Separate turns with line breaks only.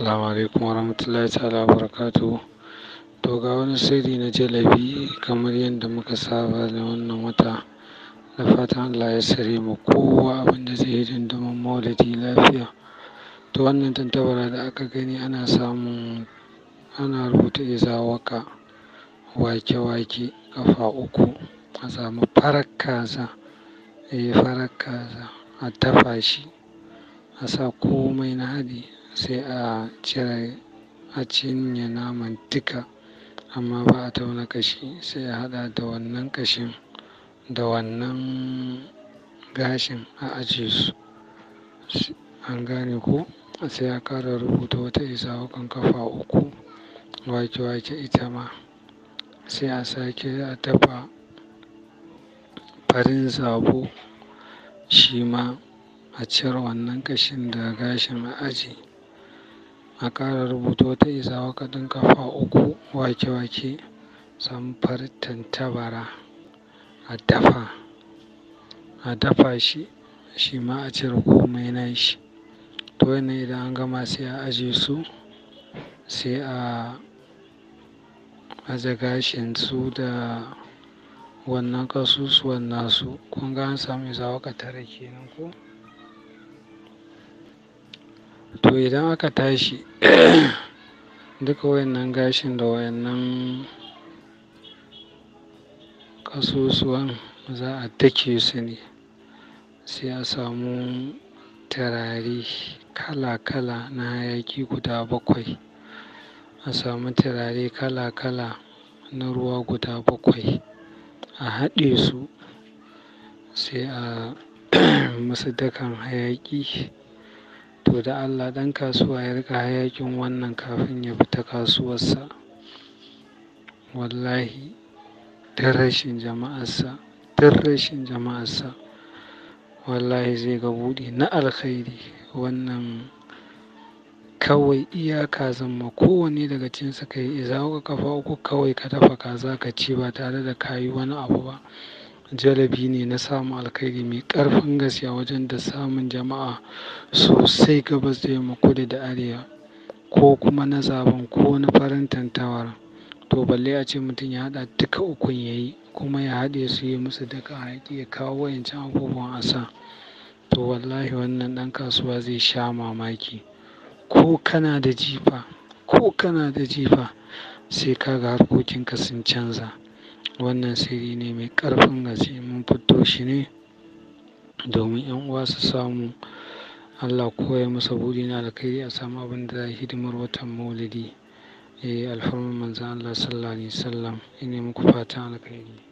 Assalamu alaikum warahmatullahi ta'ala wabarakatuh. To ga wani sirri na jalabi kamar yadda muka saba da wannan wata. Da fatan Allah ya sare mu kowa abin da zai yi dindimin maulidi lafiya. To wannan tantabara da aka gani ana samun ana rubuta izawaka wake-wake kafa uku a samu farar kaza, yi eh, farar kaza a dafa shi a sa komai na hadi. sai a cire a cinye naman duka amma ba a tauna ƙashi sai a haɗa da wannan ƙashin da wannan gashin a ajiye su. An gane ko? Sai a ƙara rubuta wata isa isawakan kafa uku wake-wake ita ma sai a sake a dafa farin sabo shi ma a cire wannan ƙashin da gashin a ajiye. a ƙara rubuta wata isawaka ɗin ƙafa uku wake-wake samfar tantabara a dafa, a dafa shi, shi ma a cire komai shi To wannan idan an gama sai a aje su, sai a aje gashin su da wannan ƙasusuwan nasu. Kun ga an samu isawaka tara kenan ko? To idan aka tashi duka wayannan gashin da wayannan ƙasusuwan za a take su ne sai a samu turare kala kala na hayaki guda bakwai. A samu turare kala kala na ruwa guda bakwai a haɗe su sai a musu dakan hayaki. to da Allah ɗan kasuwa ya rika hayakin wannan kafin ya fita kasuwarsa wallahi
don rashin
jama'arsa don rashin jama'arsa wallahi zai ga buɗe na alkhairi wannan kawai iyaka zama kowane daga cinsa ka yi iza kafa uku kawai ka dafa kaza ka ci ba tare da kayi wani abu ba jalabi ne na samun alkhairi mai ƙarfin gaske wajen da samun jama'a sosai gabas da yamma kudu da arewa ko kuma na zaben ko na farin tantawar to balle a ce mutum ya haɗa duka ukun ya yi kuma ya haɗe su yi musu duka haƙi ya kawo wayancan abubuwan a sa to wallahi wannan ɗan kasuwa zai sha mamaki ko kana da jifa ko kana da jifa sai kaga harkokinka sun canza wannan sirri ne mai ƙarfin gaske mun fito shi ne domin 'yan uwa su samu allah koya masa buri na alkhairi a samu abin da zai hidimar watan maulidi eh, alfarmar manzan allah sallallahu alaihi wasallam ina muku fatan alkhairi